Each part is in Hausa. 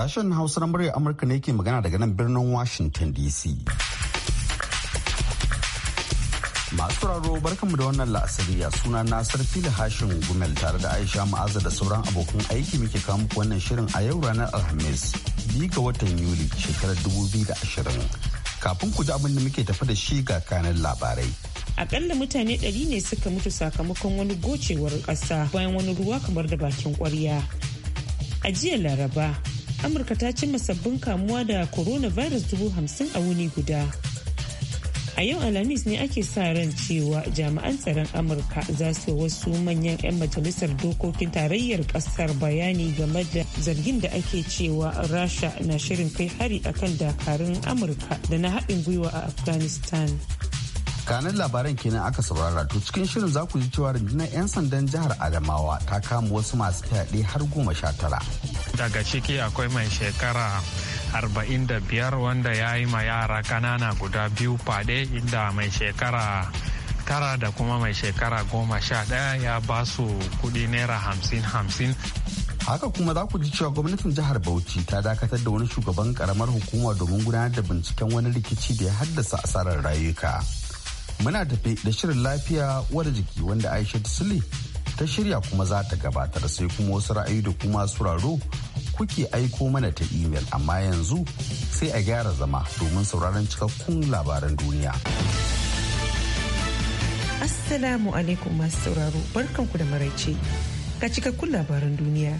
Sashen Hausa na muryar Amurka ne ke magana daga nan birnin Washington DC. Masu raro barkanmu da wannan la'asariya suna na sarfi da hashin gumel tare da Aisha Ma'aza da sauran abokan aiki muke kawo muku wannan shirin a yau ranar Alhamis biyu ga watan Yuli shekarar 2020. Kafin ku ji abin da muke tafi da shi ga kanin labarai. akalla mutane ɗari ne suka mutu sakamakon wani gocewar ƙasa bayan wani ruwa kamar da bakin ƙwarya. A jiya Laraba, amurka ta cimma sabbin kamuwa da coronavirus dubu hamsin a wuni guda a yau alhamis ne ake sa ran cewa jami'an tsaron amurka za su wasu manyan 'yan majalisar dokokin tarayyar kasar bayani game da zargin da ake cewa rasha na shirin kai hari akan dakarun amurka da na haɗin gwiwa a afghanistan kanan labaran kenan aka saurara to cikin shirin za ku ji cewa rundunar 'yan sandan jihar adamawa ta kama wasu masu fyaɗe har goma sha tara daga ciki akwai mai shekara arba'in da biyar wanda ya yi ma yara kanana guda biyu fade inda mai shekara tara da kuma mai shekara goma sha ɗaya ya ba su kuɗi naira hamsin hamsin haka kuma za ku ji cewa gwamnatin jihar bauchi ta dakatar da wani shugaban karamar hukuma domin gudanar da binciken wani rikici da ya haddasa asarar rayuka. muna tafe da shirin lafiya wadda jiki wanda aisha sule ta shirya kuma za ta gabatar sai kuma wasu ra'ayi da kuma suraro kuke aiko mana ta imel amma yanzu sai a gyara zama domin sauraron cikakkun labaran duniya assalamu alaikum masu sauraro barkanku da maraice ga cikakkun labaran duniya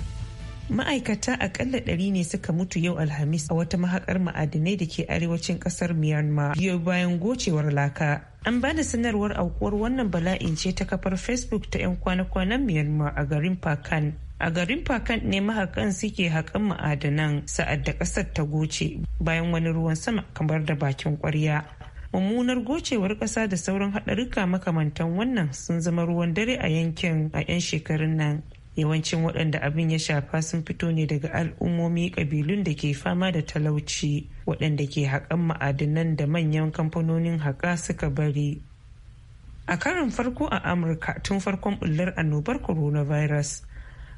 ma'aikata akalla ɗari ne suka mutu yau alhamis a wata mahakar ma'adinai da ke arewacin ƙasar myanmar biyo bayan gocewar laka an ba da sanarwar aukuwar wannan bala'in ce ta kafar facebook ta 'yan kwana-kwanan myanmar a garin pakan a garin pakan ne mahakan suke haƙan ma'adanan sa'ad da ƙasar ta goce bayan wani ruwan sama kamar da bakin ƙwarya mummunar gocewar ƙasa da sauran haɗarurruka makamantan wannan sun zama ruwan dare a yankin a 'yan shekarun nan yawancin waɗanda abin ya shafa sun fito ne daga al'ummomi ƙabilun da ke fama da talauci waɗanda ke haƙan ma'adinan da manyan kamfanonin haƙa suka bari a karin farko a amurka tun farkon bullar annobar coronavirus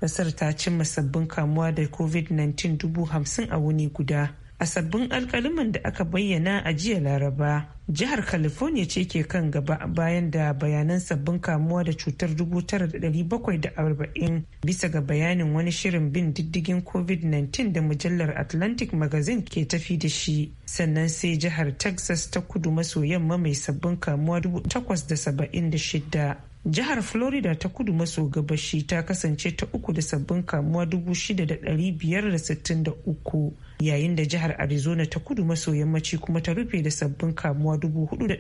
ƙasar ta cimma sabbin kamuwa da covid-19 dubu hamsin a wuni guda a sabbin alkaliman da aka bayyana a jiya laraba jihar california ce ke kan gaba bayan da bayanan sabbin kamuwa da cutar 9,740 bisa ga bayanin wani shirin bin diddigin covid-19 da mujallar atlantic magazine ke tafi da shi sannan sai jihar texas ta kudu maso yamma mai sabbin kamuwa 876 jihar florida ta kudu maso gabashi ta kasance ta uku da sabbin kamuwa 6,563 yayin da jihar arizona ta kudu maso yammaci kuma ta rufe da sabbin kamuwa dubu hudu da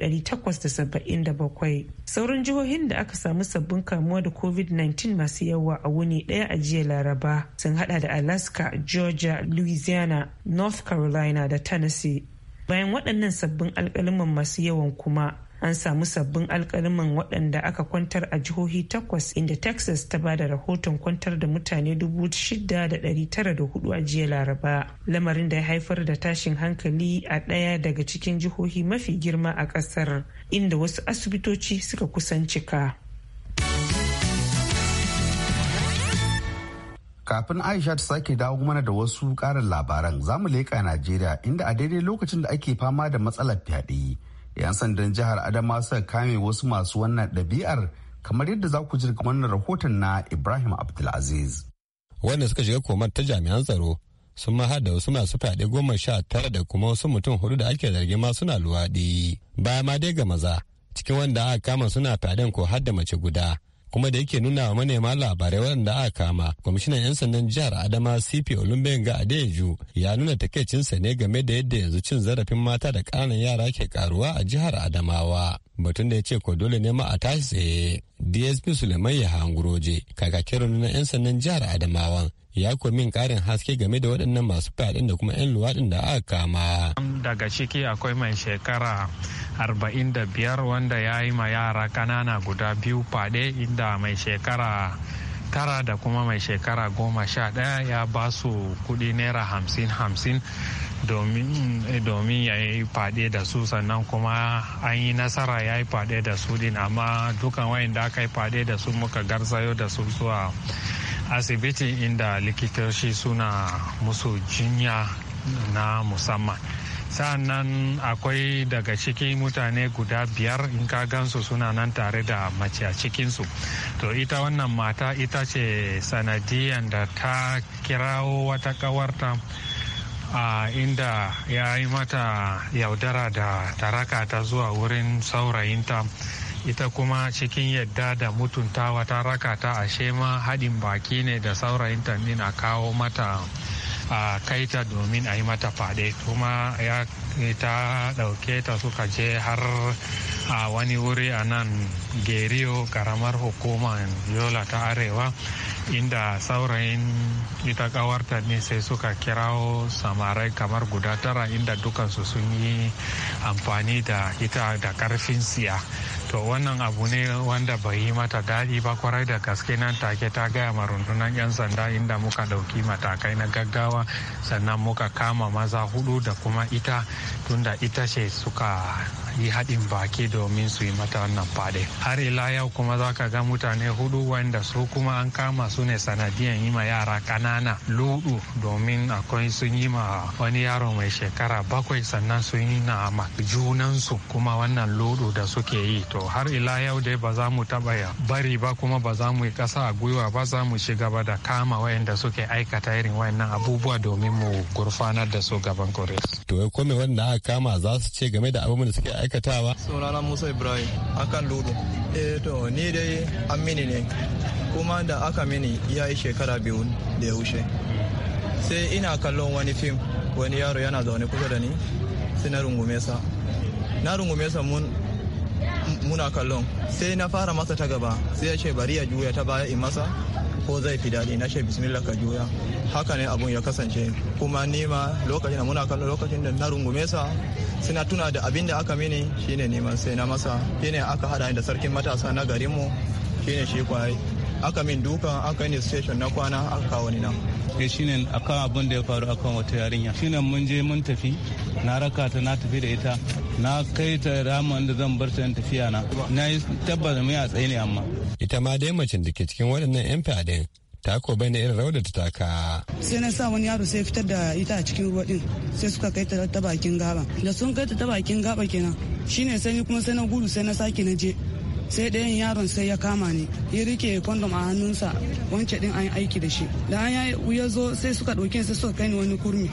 saba'in bakwai. sauran jihohin da aka samu sabbin kamuwa da covid-19 masu yawa a wuni daya a jiya laraba sun hada da alaska georgia louisiana north carolina da tennessee bayan waɗannan sabbin alkaliman masu yawan kuma an samu sabbin alkaliman waɗanda aka kwantar a jihohi takwas inda texas ta bada rahoton kwantar da mutane 6,904 a jiya laraba lamarin da ya haifar da tashin hankali a ɗaya daga cikin jihohi mafi girma a ƙasar inda wasu asibitoci suka kusan cika kafin aisha ta sake dawo mana da wasu karin labaran zamu leƙa najeriya inda a daidai lokacin da ake fama da matsalar fyaɗe 'yan sandan jihar adama suka kame wasu masu wannan ɗabi'ar kamar yadda za ku ji wannan rahoton na ibrahim abdulaziz wanda suka shiga komar ta jami'an tsaro sun ma da wasu masu fyaɗe goma sha tara da kuma wasu mutum hudu da ake zargi ma suna luwaɗi baya ma dai ga maza cikin wanda aka kama suna fyaɗen ko har da mace guda kuma da yake nuna wa manema labarai waɗanda aka kama kwamishinan 'yan sandan jihar adama cp olumbenga adeju ya nuna takaicinsa ne game da yadda yanzu cin zarafin mata da ƙananan yara ke karuwa a jihar adamawa batun da ya ce ko dole ne ma a tashi tsaye dsp suleiman ya hanguroje kakakin rundunar 'yan sandan jihar adamawan ya min karin haske game da waɗannan masu fyaɗe da kuma 'yan luwaɗin da aka kama. Daga ciki akwai mai shekara 45 wanda ya yi ma yara ƙanana guda biyu faɗe inda mai shekara tara da kuma mai shekara goma sha ɗaya ya ba su kuɗi naira hamsin hamsin domin eh, ya yi faɗe da su sannan kuma an yi nasara ya yi faɗe da su din amma dukan wayan da aka yi faɗe da su muka garzayo da su zuwa asibiti inda likitoci suna musu jinya na musamman sa'annan akwai daga ciki mutane guda biyar in ka gansu suna nan tare da mace a cikinsu to ita wannan mata ita ce sanadiyan da ta kirawo wata kawarta a inda ya yi mata yaudara da taraka ta zuwa wurin saurayinta ita kuma cikin yadda da mutuntawa ta raka ta ashe ma haɗin baki ne da saurayin min a kawo mata a kaita domin a yi mata fade kuma ya ta ɗauke ta suka je har a wani wuri a nan geriyo karamar hukumar yola ta arewa inda saurayin ita kawarta ne sai suka kirawo samarai kamar guda tara inda dukansu sun yi amfani da ita da karfin siya to wannan abu ne wanda bai yi mata daɗi ba kwarai da gaske nan take ta gaya ma rundunar 'yan sanda inda muka ɗauki matakai na gaggawa sannan muka kama maza hudu da kuma ita tunda ita ce suka yi haɗin baki domin su yi mata wannan fade har ila yau kuma za ka ga mutane hudu wanda su kuma an kama su ne sanadiyan yi ma yara ƙanana ludu domin akwai sun yi ma wani yaro mai shekara bakwai sannan sun yi na ma junansu kuma wannan ludu da suke yi to har ila yau dai ba za mu taɓa ya bari ba kuma ba za mu yi ƙasa a gwiwa ba za mu ci gaba da kama wayanda suke aikata irin wayannan abubuwa domin mu gurfanar da su gaban kores. To ya kome wanda aka kama za su ce game da abubuwan da suke aikatawa sunana musa ibrahim akan ludu eh to ni dai an mini ne kuma da aka mini ya yi shekara biyu da ya wuce sai ina kallon wani fim wani yaro yana zaune kusa da ni sai na rungume sa na rungume sa mun muna kallon sai na fara masa ta gaba sai ya ce bari ya juya ta baya in masa ko zai fi daɗi na ce bismillah ka juya haka ne abun ya kasance kuma nema lokacin da muna kallon lokacin da na rungume sa suna tuna da abin da aka mini shine neman sai na masa shine aka hada da sarkin matasa na garinmu shine shi kwaye aka min dukan aka ni station na kwana aka kawo ni nan eh shine akan abin da ya faru akan wata yarinya shine mun je mun tafi na raka ta na tafi da ita na kai ta ramin da zan bar ta tafiya na na yi tabbata mai a tsaye ne amma ita ma dai macen da ke cikin waɗannan yan fadin ta ko bai irin rawar da ta taka. sai na sa wani yaro sai fitar da ita a cikin ruwa din sai suka kai ta ta bakin gaba da sun kai ta ta bakin gaba kenan shine sai ni kuma sai na gudu sai na sake na je sai dayan yaron sai ya kama ni ya rike kwandom a hannunsa wancan din an yi aiki da shi da an ya zo sai suka ɗauke sai suka kai ni wani kurmi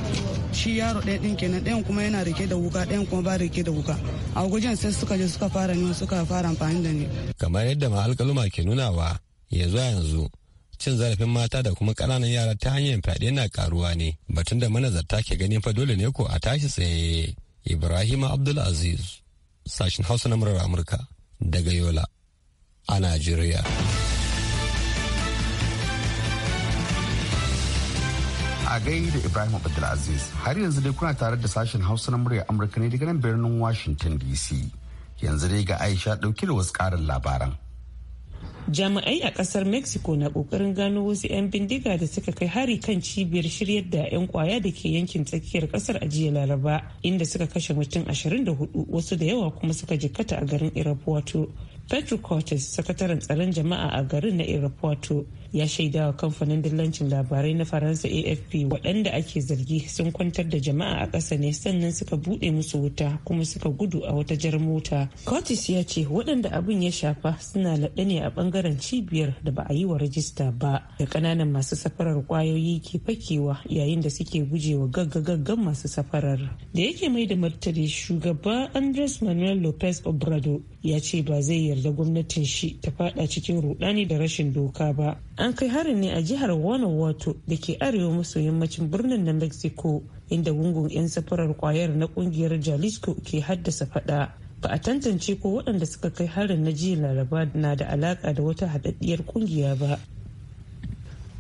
shi yaro ɗaya din kenan ɗayan kuma yana rike da wuka ɗayan kuma ba rike da wuka a gujen sai suka je suka fara ni suka fara amfani da ni kamar yadda ma alƙaluma ke nunawa ya zuwa yanzu cin zarafin mata da kuma ƙananan yara ta hanyar fyaɗe na karuwa ne batun da manazarta ke ganin fa dole ne ko a tashi tsaye ibrahim abdulaziz sashen hausa na murar amurka daga Yola a Najeriya. A gai da Ibrahim Abdulaziz har yanzu dai kuna tare da sashen Hausa na murya Amurka ne daga nan birnin Washington DC. Yanzu dai ga Aisha ɗauke da wasu ƙarin labaran. jami'ai a kasar mexico na kokarin gano wasu 'yan bindiga da suka kai hari kan cibiyar shiryar da 'yan kwaya da ke yankin tsakiyar kasar a jiya laraba inda suka kashe mutum 24 wasu da yawa kuma suka jikkata a garin irapuato Petro Cortes, sakataren tsaron jama'a a garin na Irapuato, ya shaida wa kamfanin dillancin labarai na Faransa AFP waɗanda ake zargi sun kwantar da jama'a a ƙasa ne sannan suka buɗe musu wuta kuma suka gudu a wata jar mota. Cortes ya ce waɗanda abin ya shafa suna laɗe ne a ɓangaren cibiyar da ba a yi wa rajista ba da ƙananan masu safarar ƙwayoyi ke fakewa yayin da suke guje gujewa gaggagaggan masu safarar. Da yake mai da martani shugaba Andres Manuel Lopez Obrado. ya ce ba zai yarda gwamnatin shi ta fada cikin rudani da rashin doka ba an kai harin ne a jihar wato da ke arewa maso yammacin birnin na mexico inda gungun 'yan safarar kwayar na kungiyar jalisco ke haddasa fada ba a tantance ko waɗanda suka kai harin na jiya laraba na da alaƙa da wata haɗaɗɗiyar kungiya ba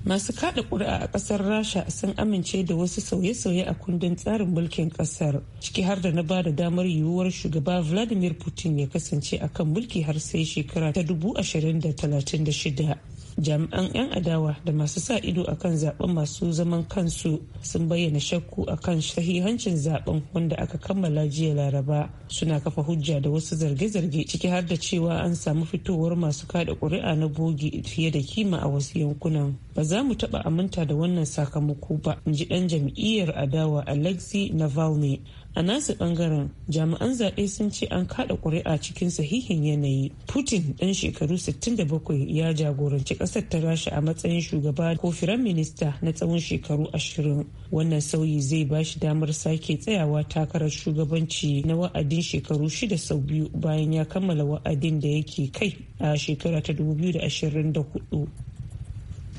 masu kada kuri'a a kasar rasha sun amince da wasu sauye-sauye a kundin tsarin mulkin kasar ciki har da na ba da damar yiwuwar shugaba vladimir putin ya kasance a kan mulki har sai shekara ta dubu ashirin da talatin da shida jami'an 'yan adawa da masu sa ido a kan zaben masu zaman kansu sun bayyana shakku a kan sahihancin zaben wanda aka kammala jiya laraba suna kafa hujja da wasu zarge-zarge ciki har da cewa an samu fitowar masu kada kuri'a na bogi fiye da kima a wasu yankunan ba za mu taɓa aminta da wannan sakamako ba in ji ɗan jam'iyyar adawa alexi navalny a nasu ɓangaren jami'an zaɓe sun ce an kaɗa ƙuri'a cikin sahihin yanayi putin ɗan shekaru 67 ya jagoranci ƙasar ta rasha a matsayin shugaba ko firan minista na tsawon shekaru 20 wannan sauyi zai ba shi damar sake tsayawa takarar shugabanci na wa'adin shekaru shida sau biyu bayan ya kammala wa'adin da yake kai a shekara ta 2024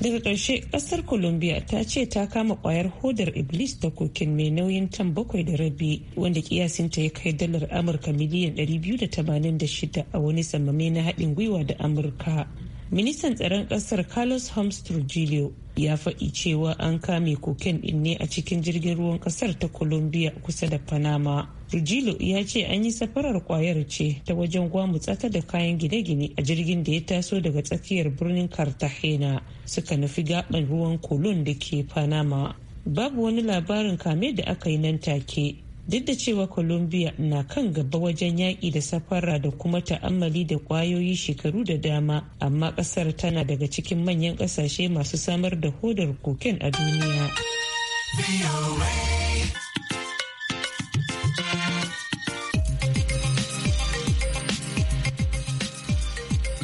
daga ƙarshe ƙasar colombia ta ce ta kama ƙwayar hodar iblis da kokin mai nauyin tan bakwai da rabi wanda kiyasinta ya kai dalar amurka miliyan 286 a wani samame na haɗin gwiwa da amurka ministan tsaron ƙasar carlos holmes trujillo ya faɗi cewa an kame koken ɗin ne a cikin jirgin ruwan ƙasar ta colombia kusa da panama Rujilo ya ce an yi safarar kwayar ce ta wajen gwamutsata da kayan gine-gine a jirgin da ya taso daga tsakiyar birnin Cartagena suka nufi gaban ruwan kolon da ke Panama. Babu wani labarin kame da aka yi nan take. Duk da cewa Colombia na kan gaba wajen yaƙi da safara da kuma ta'ammali da kwayoyi shekaru da dama, amma ƙasar tana daga cikin manyan ƙasashe masu samar da hodar koken a duniya.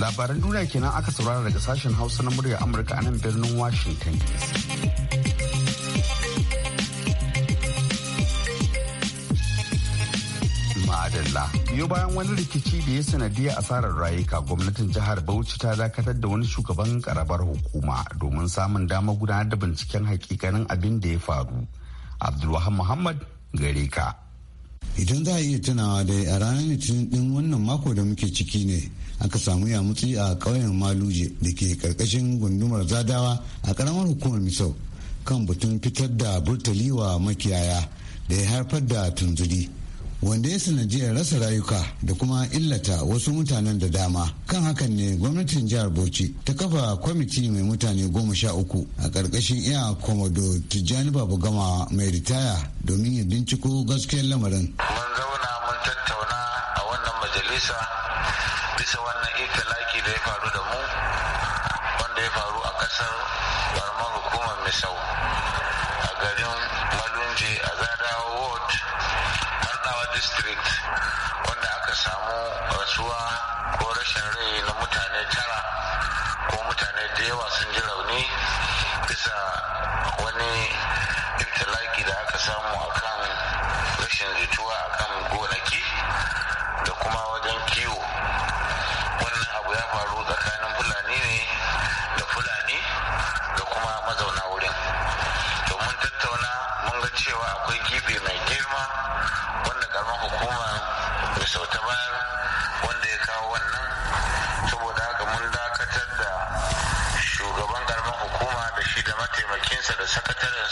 labaran duniya kenan aka saurara daga sashen hausa na murya amurka a nan birnin washington madalla biyo bayan wani rikici da ya sanadiyar asarar rayuka gwamnatin jihar bauchi ta dakatar da wani shugaban karabar hukuma domin samun damar gudanar da binciken hakikanin abin da ya faru abdulwahab muhammad gare ka idan za a iya tunawa dai a ranar litinin din wannan mako da muke ciki ne aka samu yamutsi a ƙauyen maluje da ke karkashin gundumar zadawa a ƙaramar hukumar misau kan batun fitar da burtali wa makiyaya da ya haifar da tunzuri wanda ya sanadiyar rasa rayuka da kuma illata wasu mutanen da dama kan hakan ne gwamnatin jihar bauchi ta kafa kwamiti mai mutane goma sha uku a ƙarƙashin iya komodo tijjani babu gama mai ritaya domin ya binciko gaskiyar lamarin mun zauna mun tattauna a wannan majalisa bisa wannan itilaki da ya faru da mu wanda ya faru a ƙasar barman hukumar misau a garin malunje a zadawa ward district wanda aka samu rasuwa ko rashin rai na mutane tara ko mutane da yawa sun ji rauni bisa wani iftilaki da aka samu akan rashin jituwa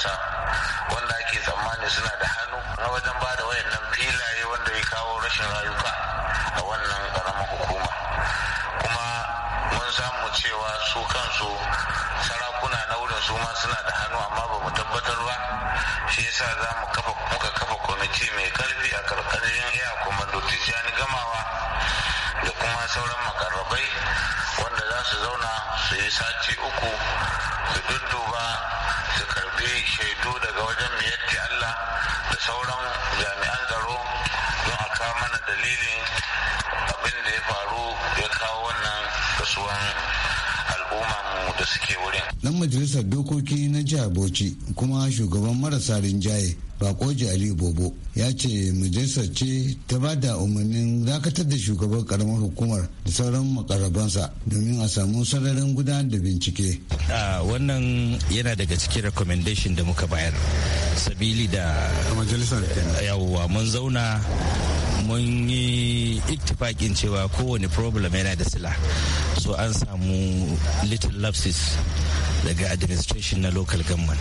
ƙasa wanda ake tsammani suna da hannu na wajen ba da wayannan filaye wanda ya kawo rashin rayuka a wannan ƙaramin hukuma kuma mun samu cewa su kansu sarakuna na wurin su ma suna da hannu amma ba mu tabbatar ba shi yasa za mu kafa muka kafa kwamiti mai karfi a karkashin iya kuma tijjani gamawa da kuma sauran makarrabai su zauna su yi sati uku su dudduba su karbi shaidu daga wajen miyatti Allah da sauran jami'an tsaro don a kawo mana dalilin abin da ya faru ya kawo wannan al'umma mu da suke wurin. Dan majalisar dokoki na jihar Bauchi kuma shugaban marasa rinjaye bakoji ali bobo ya ce majalisar ce ta ba da umarnin dakatar da shugaban karamar hukumar da sauran makarabansa domin a samu sararin gudanar da bincike wannan yana daga cikin recommendation da muka bayar sabili da majalisar yawwa mun zauna mun yi iktifakin cewa kowane problem yana da sila so an samu little lapses daga administration na local government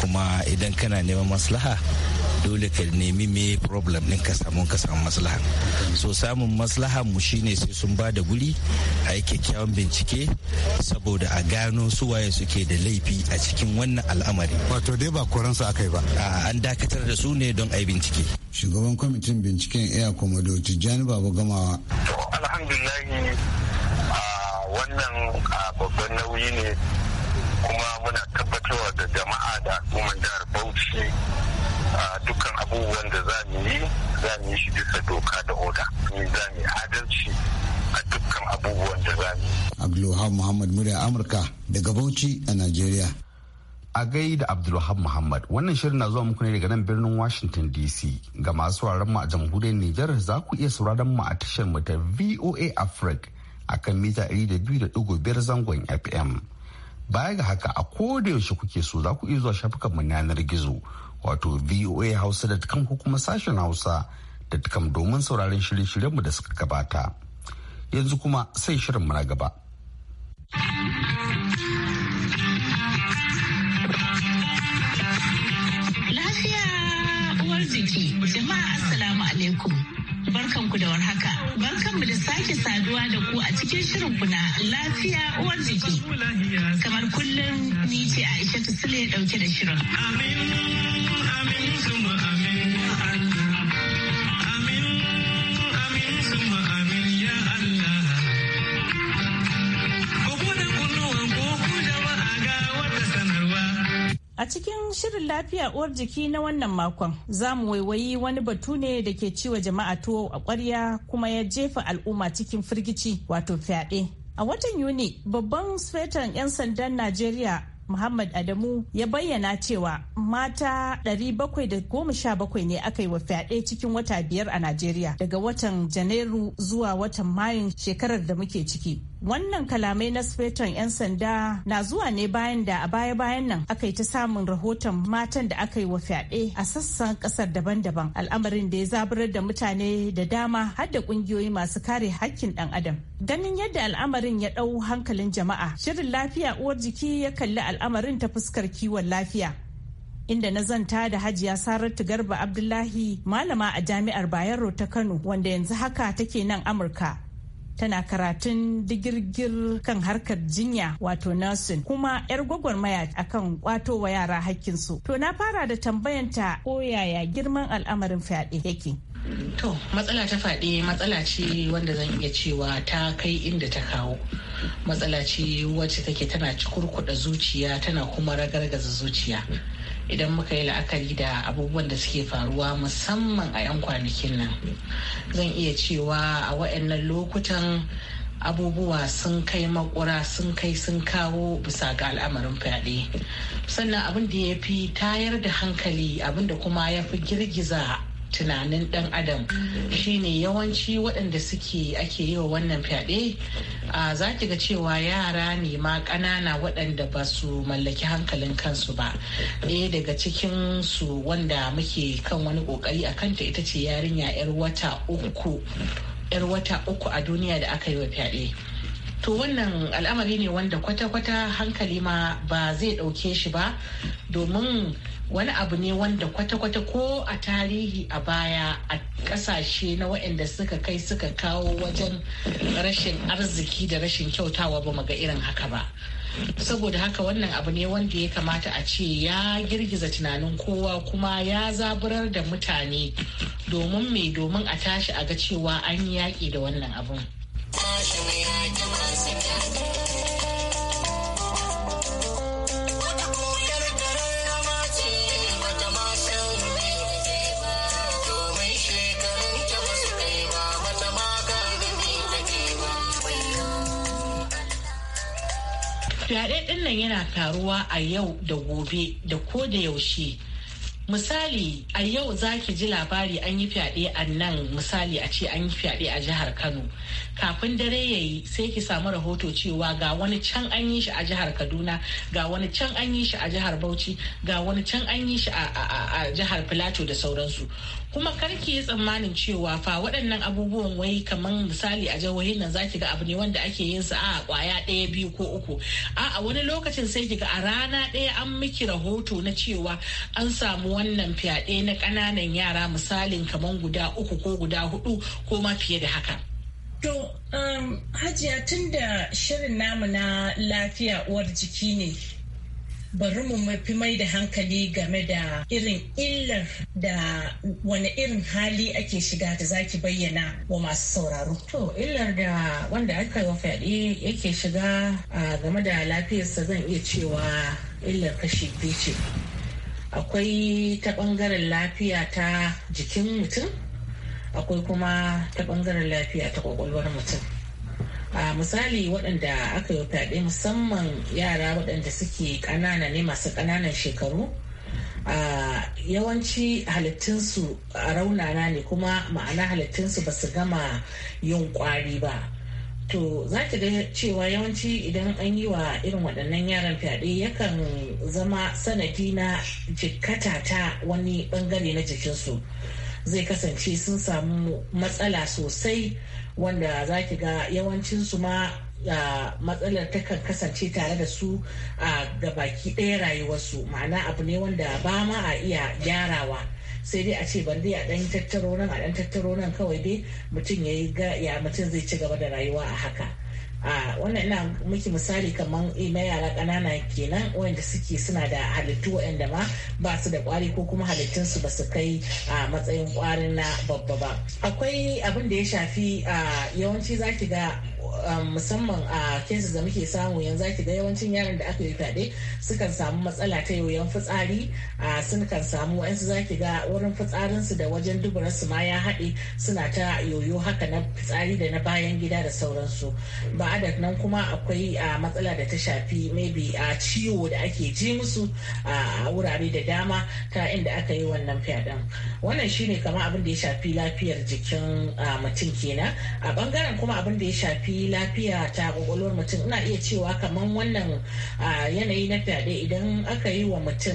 kuma idan kana neman maslaha dole ka nemi me problem din ka samu ka samu maslaha so samun maslaha mu shine sai sun ba da guri a yi kyakkyawan bincike saboda a gano su waye suke da laifi a cikin wannan al'amari wato dai ba koran aka yi ba an dakatar da su ne don a yi bincike shugaban kwamitin binciken air komodo tijjani babu gamawa wannan babban nauyi ne kuma muna tabbatarwa da jama'a da shi dukkan abubuwan da za mu yi za mu yi shi bisa doka da oda za mu yi adalci a dukkan abubuwan da za mu yi. Abdulwahab Muhammad murya Amurka daga Bauchi a Najeriya. A gai da Abdulwahab Muhammad wannan shirin na zuwa muku ne daga nan birnin Washington DC ga masu sauraron mu a jamhuriyar Nijar za ku iya sauraron mu a tashar mu ta VOA Africa akan mita 102.5 zangon FM. Baya ga haka a koda yaushe kuke so za ku iya zuwa shafukanmu na yanar gizo wato hausa voahausa.com ko kuma sashen hausa.com domin sauraron shirye mu da suka gabata. Yanzu kuma sai shirin mu na gaba. Lafiya uwar jiki, jama'a barkanku da warhaka. Barkanmu da sake saduwa da ku a cikin shirin kuna lafiya uwar jiki. Kamar kullum ni ce Aisha Tusule ya dauke da shirin. Amin, amin, amin. A cikin shirin lafiya uwar jiki na wannan makon za mu waiwayi wani batu ne da ke ciwa jama'a tuwo a ƙwarya kuma ya jefa al'umma cikin firgici wato fyaɗe. A watan Yuni babban sufetan 'yan sandan Najeriya Muhammad Adamu ya bayyana cewa mata 717 ne aka yi wa fyaɗe cikin wata biyar a Najeriya daga watan Janairu zuwa watan Mayun shekarar da muke ciki. Wannan kalamai na sufetan 'yan sanda na zuwa ne bayan da a baya-bayan nan aka yi ta samun rahoton matan da aka yi wa fyaɗe a sassan ƙasar daban-daban al'amarin da ya zaburar da mutane da dama har da ƙungiyoyi masu kare hakkin ɗan adam. Ganin yadda al'amarin ya ɗau hankalin jama'a, shirin lafiya uwar jiki ya kalli al'amarin ta fuskar kiwon lafiya. inda na zanta da hajiya saratu garba abdullahi malama a jami'ar bayero ta kano wanda yanzu haka take nan amurka tana karatun digirgir kan harkar jinya wato nursing kuma 'yar gwagwarmaya akan kwatowa yara hakkinsu. To na fara da tambayanta ko yaya girman al'amarin fyaɗe yake. To, matsala ta faɗi matsala ce wanda zan iya cewa ta kai inda ta kawo. Matsala ce wacce take tana cikurkuɗa zuciya tana kuma ragargaza zuciya. idan muka yi la'akari da abubuwan da suke faruwa musamman a 'yan kwanakin nan zan iya cewa a waɗannan lokutan abubuwa sun kai makura sun kai sun kawo bisa ga al'amarin fyaɗe sannan abin da ya fi tayar da hankali abin da kuma ya fi girgiza tunanin dan adam shine yawanci waɗanda suke ake yi wa wannan fyaɗe a zaki ga cewa yara ne ma ƙanana waɗanda ba su mallaki hankalin kansu ba ɗaya daga cikin su wanda muke kan wani ƙoƙari a kanta ita ce yarinya 'yar wata uku 'yar wata uku a duniya da aka yi wa fyaɗe to wannan al'amari ne wanda kwata-kwata hankali ma ba zai ɗauke shi ba domin wani abu ne wanda kwata-kwata ko a tarihi a baya a kasashe na waɗanda suka kai suka kawo wajen rashin arziki da rashin kyautawa ba ga irin haka ba saboda haka wannan abu ne wanda ya kamata a ce ya girgiza tunanin kowa kuma ya zaburar da mutane domin mai domin a tashi a ga cewa an yaƙi da wannan abun. Fyaɗe ɗin nan yana taruwa a yau da gobe da ko da yaushe. Misali a yau zaki ji labari an yi fyaɗe a nan misali a ce an yi fyaɗe a jihar Kano. kafin dare ya yi sai ki samu rahoto cewa ga wani can an yi shi a jihar kaduna ga wani can an yi shi a jihar bauchi ga wani can an yi shi a jihar filato da sauransu kuma karki yi tsammanin cewa fa waɗannan abubuwan wai kamar misali a jihohin nan zaki ga abu ne wanda ake yin su a kwaya ɗaya biyu ko uku a wani lokacin sai ki ga a rana ɗaya an miki rahoto na cewa an samu wannan fyaɗe na ƙananan yara misalin kamar guda uku ko guda hudu ko ma fiye da haka To, um, Hajiya tun da shirin namu na lafiya uwar jiki ne, bari mu mafi mai da hankali game da irin illar da wani irin hali ake shiga da zaki bayyana wa masu sauraro. To, illar da wanda aka yi wa fyaɗe yake shiga game da lafiyarsa zan iya cewa illar kashi biyu ce. Akwai ta ɓangaren lafiya ta jikin mutum. akwai kuma ta bangaren lafiya ta kwakwalwar mutum a misali waɗanda aka yi fyaɗe musamman yara waɗanda suke ƙanana ne masu ƙananan shekaru a yawanci halittunsu a raunana ne kuma ma'ana halittunsu ba su gama yin ƙwari ba to za ki ga cewa yawanci idan an yi wa irin waɗannan yaran fyaɗe yakan zama sanadi na jikkata ta wani ɓangare na jikinsu zai kasance sun samu matsala sosai wanda za ki ga yawancinsu ma matsalar takan kasance tare da su ga baki ɗaya rayuwarsu ma'ana abu ne wanda ba ma a iya gyarawa sai dai a ce ban dai a ɗan tattaro nan a ɗan tattaro nan kawai dai mutum ya mutum zai ci gaba da rayuwa a haka. a wannan ina miki misali kamar eh, na yara ƙanana kenan wanda suke suna da halittu wanda ma ba su da kwari ko kuma halittunsu ba su kai a matsayin kwarin na babba ba akwai abin da ya shafi yawanci zaki ga Um, musamman a cases da muke samu yanzu ake da yawancin yaran da aka yi fyaɗe sukan samu matsala ta yoyon fitsari sun kan samu wa'ansu zaki ga wurin fitsarinsu da wajen duburarsu ma ya haɗe suna ta yoyo haka na fitsari da na bayan gida da sauransu ba da nan kuma akwai matsala da ta shafi maybe a ciwo da ake ji musu a wurare da dama ta inda aka yi wannan fyaɗen wannan shine kamar abin da ya shafi lafiyar jikin mutum kenan a bangaren kuma abin da ya shafi shafi lafiya ta kwakwalwar mutum ina iya cewa kamar wannan yanayi na fyaɗe idan aka yi wa mutum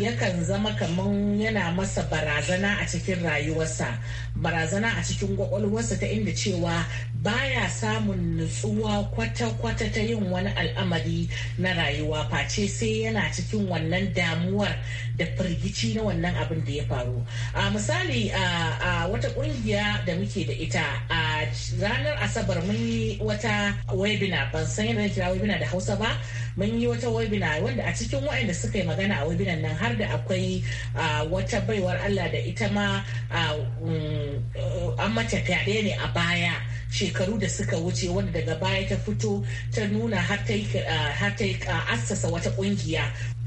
yakan zama kamar yana masa barazana a cikin rayuwarsa barazana a cikin kwakwalwarsa ta inda cewa baya samun nutsuwa kwata-kwata ta yin wani al'amari na rayuwa face sai yana cikin wannan damuwar da firgici na wannan abin da ya faru a misali a wata kungiya da muke da ita a ranar asabar mun yi wata webinar ban san yadda kira webinar da hausa ba mun yi wata webinar wanda a cikin waɗanda suka yi magana a webinar nan har da akwai wata baiwar Allah da ita ma mm, an mace fyaɗe ne a baya shekaru da suka wuce wanda daga baya ta fito ta nuna har ta yi assasa wata ƙungiya.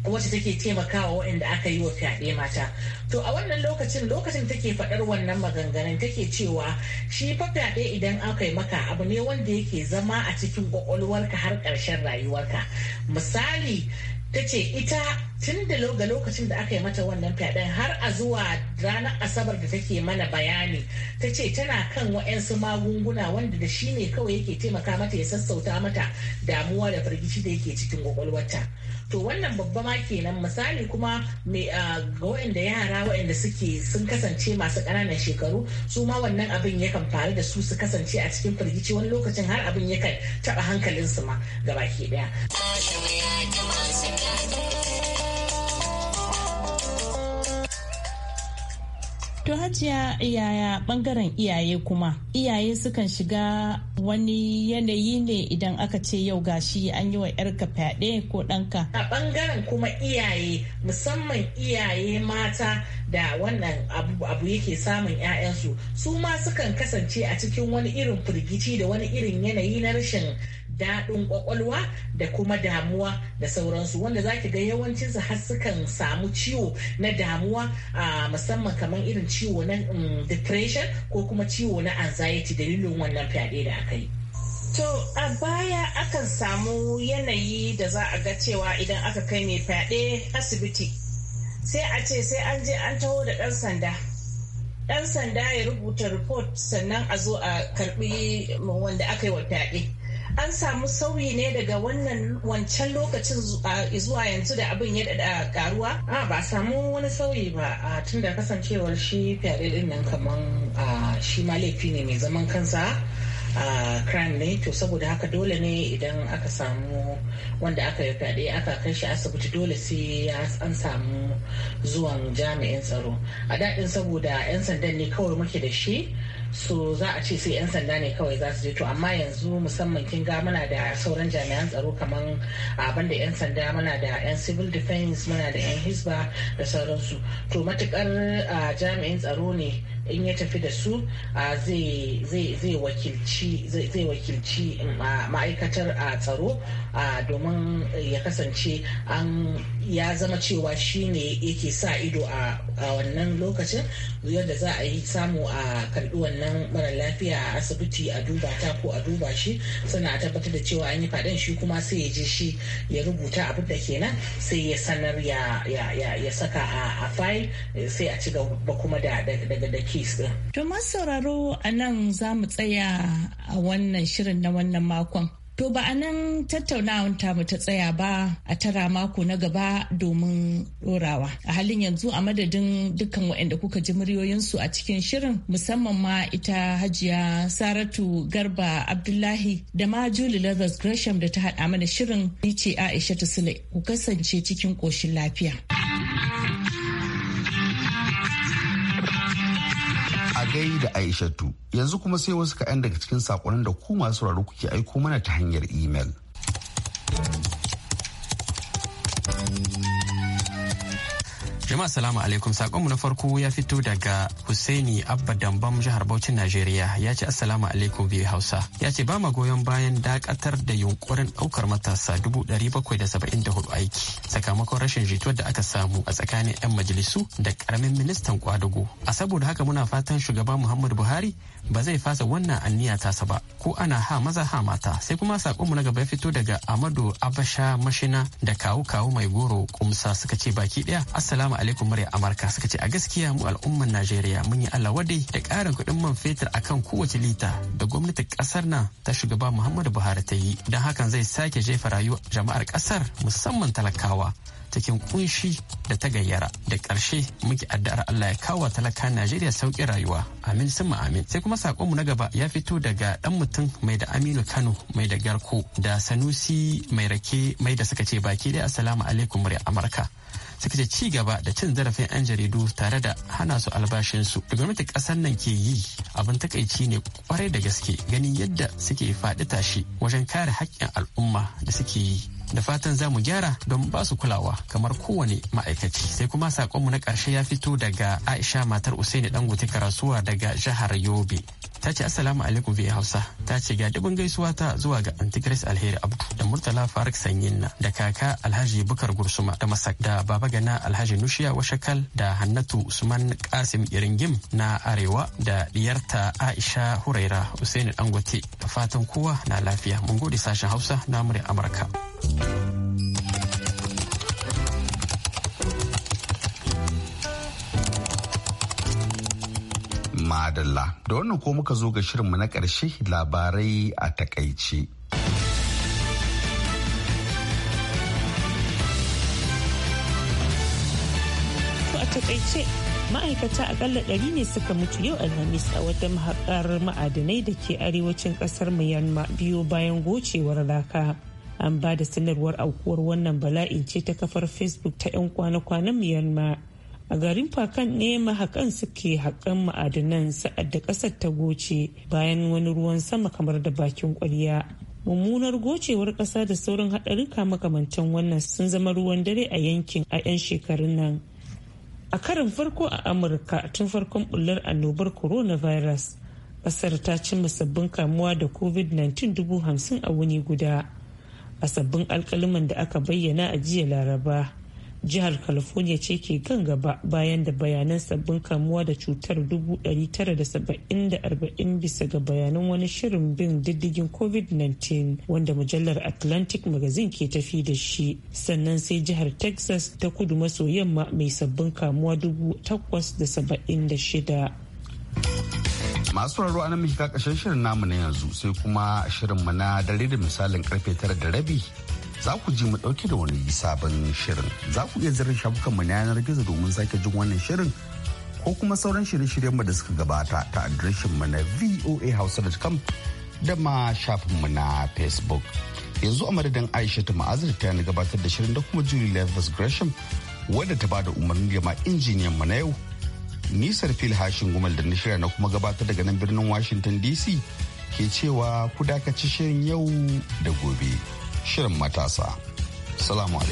wacce take taimakawa waɗanda aka yi wa fyaɗe mata to a wannan lokacin lokacin take faɗar wannan maganganun take cewa shi fa fyaɗe idan aka yi maka abu ne wanda yake zama a cikin ƙwaƙwalwarka har ƙarshen rayuwarka misali ta ce ita tun da lokacin da aka yi mata wannan fyaɗen har a zuwa ranar asabar da take mana bayani ta ce tana kan wa'yansu magunguna wanda da shi ne kawai yake taimaka mata ya sassauta mata damuwa da firgici da yake cikin kwakwalwata to wannan babba ma kenan misali kuma ga wa'anda yara wa'anda suke sun kasance masu ƙananan shekaru su ma wannan abin yakan faru da su su kasance a cikin firgici wani lokacin har abin yakan taɓa hankalinsu ma gabaki ɗaya. To hajiya yaya bangaren iyaye kuma iyaye sukan shiga wani yanayi ne idan aka ce yau gashi an yi wa yarka fyaɗe ko ɗanka. A bangaren kuma iyaye musamman iyaye mata da wannan abu yake samun 'ya'yansu su ma sukan kasance a cikin wani irin firgici da wani irin yanayi na rashin daɗin kwakwalwa da kuma damuwa da sauransu wanda zaki ga yawancin su har sukan samu ciwo na damuwa a musamman kamar irin ciwo na mm, depression ko kuma ciwo na anxiety dalilin wannan fyaɗe da aka yi. To a baya akan samu yanayi da za a ga cewa idan aka kai mai fyaɗe asibiti sai a ce sai an je an taho da ɗan sanda. ɗan sanda ya rubuta report sannan a zo a karɓi wanda aka yi wa fyaɗe. an samu sauyi ne daga wannan wancan lokacin zuwa yanzu da abin ya da karuwa a ba samu wani sauyi ba a tun kasancewar shi fyaɗe din nan kaman shi ma laifi ne mai zaman kansa a crime ne to saboda haka dole ne idan aka samu wanda aka yi fyaɗe aka kai shi asibiti dole sai an samu zuwan jami'in tsaro a daɗin saboda 'yan sandan ne kawai muke da shi so za a ce sai 'yan sanda ne kawai za su je to amma yanzu musamman kin ga muna da sauran jami'an tsaro kamar abin da 'yan sanda muna da 'yan civil defense muna da 'yan hisba da sauransu to matukar jami'in tsaro ne in ya tafi da su zai wakilci mm, ma'aikatar a tsaro domin eh, ya kasance an ya zama cewa shi ne yake sa ido a wannan lokacin da za a yi samu a karbi wannan mara lafiya a asibiti a duba ta ko a duba shi suna a tabbatar da cewa an yi faɗin shi kuma sai ya je shi ya rubuta abin da kenan sai ya sanar ya saka a fayil eh, sai a ci gaba kuma da kisa. To masu sauraro a nan za mu tsaya a wannan shirin na wannan makon. To ba a nan tattaunawar mu ta tsaya ba a tara mako na gaba domin ɗorawa. A halin yanzu a madadin dukkan waɗanda kuka ji muryoyinsu a cikin shirin musamman ma ita hajiya Saratu Garba Abdullahi da ma Julie Leathers Gresham da ta haɗa mana shirin ni ce Aisha sule ku kasance cikin ƙoshin lafiya. gai da Aishatu. Yanzu kuma sai wasu kaɗan daga cikin saƙonin da ku masu sauraro kuke aiko mana ta hanyar imel. Jama'a salamu alaikum sakonmu na farko ya fito daga Husaini Abba Dambam jihar Bauchin Najeriya ya ce assalamu alaikum biyu Hausa ya ce ba ma goyon bayan dakatar da yunkurin daukar matasa 774 aiki sakamakon rashin jituwar da aka samu a tsakanin 'yan majalisu da karamin ministan kwadago a saboda haka muna fatan shugaba Muhammadu Buhari ba zai fasa wannan anniya tasa ba ko ana ha maza ha mata sai kuma sakonmu na gaba ya fito daga Amadu Abasha Mashina da kawu kawu mai goro kumsa suka ce baki daya assalamu alaikum murya Amurka suka ce a gaskiya mu al'umman Najeriya mun yi Allah wadai da ƙarin kuɗin man fetur a kan kowace lita da gwamnatin ƙasar nan ta shugaba Muhammadu Buhari ta yi don hakan zai sake jefa rayuwa jama'ar ƙasar musamman talakawa cikin kunshi da ta gayyara da ƙarshe muke addu'ar Allah ya kawo talaka Najeriya sauƙin rayuwa amin summa amin sai kuma saƙonmu na gaba ya fito daga ɗan mutum mai da Aminu Kano mai da Garko da Sanusi mai rake mai da suka ce baki dai assalamu alaikum murya Amurka suka ce ci gaba da cin zarafin 'yan jaridu tare da hana su albashinsu da gwamnatin ƙasar nan ke yi abin takaici ne kwarai da gaske ganin yadda suke faɗi tashi wajen kare haƙƙin al'umma da suke yi da fatan za mu gyara don ba su kulawa kamar kowane ma'aikaci sai kuma saƙonmu na ƙarshe ya fito daga aisha matar usaini dangote karasuwa daga jihar yobe ta ce assalamu alaikum biya hausa ta ce ga dubin gaisuwa ta zuwa ga antigris alheri abdu da murtala faruk sanyin na da kaka alhaji bukar gursuma da masak da baba gana alhaji nushiya washakal da hannatu usman kasim iringim na arewa da diyarta aisha huraira usaini dangote da fatan kowa na lafiya mun gode sashen hausa na murya amurka Madalla. Da wannan ko muka zo ga shirinmu na ƙarshe labarai a takaice. A ma'aikata akalla ɗari ne suka mutu yau alhamis a wata mahaƙar ma'adanai da ke arewacin ƙasar myanmar biyo bayan gocewar raka an ba da sanarwar aukuwar wannan bala'in ce ta kafar facebook ta 'yan kwana-kwanan myanmar a garin Fakan ne mahakan suke haƙan ma'adinan sa'ad da ƙasar ta goce bayan wani ruwan sama kamar da bakin ƙwarya. Mummunar gocewar ƙasa da sauran haɗarin makamantan wannan sun zama ruwan dare a yankin a 'yan shekarun nan. A karin farko a Amurka tun farkon bullar annobar coronavirus, ƙasar ta cimma sabbin kamuwa da COVID-19 dubu hamsin a wuni guda. A sabbin alkaliman da aka bayyana a jiya Laraba. jihar california ce ke kan gaba bayan da bayanan sabbin kamuwa da cutar 970 bisa ga bayanan wani shirin bin diddigin covid-19 wanda mujallar atlantic magazine ke tafi da shi sannan sai jihar texas ta kudu maso yamma mai sabbin kamuwa 876 masu sauraro na muke kakashin shirin namu na yanzu sai kuma shirin na dare da misalin karfe tara da rabi za ku ji mu ɗauke da wani sabon shirin za ku iya zirin mu na yanar gizo domin sake jin wannan shirin ko kuma sauran shirye-shiryenmu da suka gabata ta mu na voahausa.com da ma shafinmu na facebook yanzu a madadin aisha ta ma'azir ta yana gabatar da shirin da kuma julie levis gresham wadda ta bada umarni da ma injiniyan mu na yau nisar fil hashin gumal da na shirya na kuma gabatar daga nan birnin washington dc ke cewa ku dakaci shirin yau da gobe. shirin matasa. Salamu alaikum.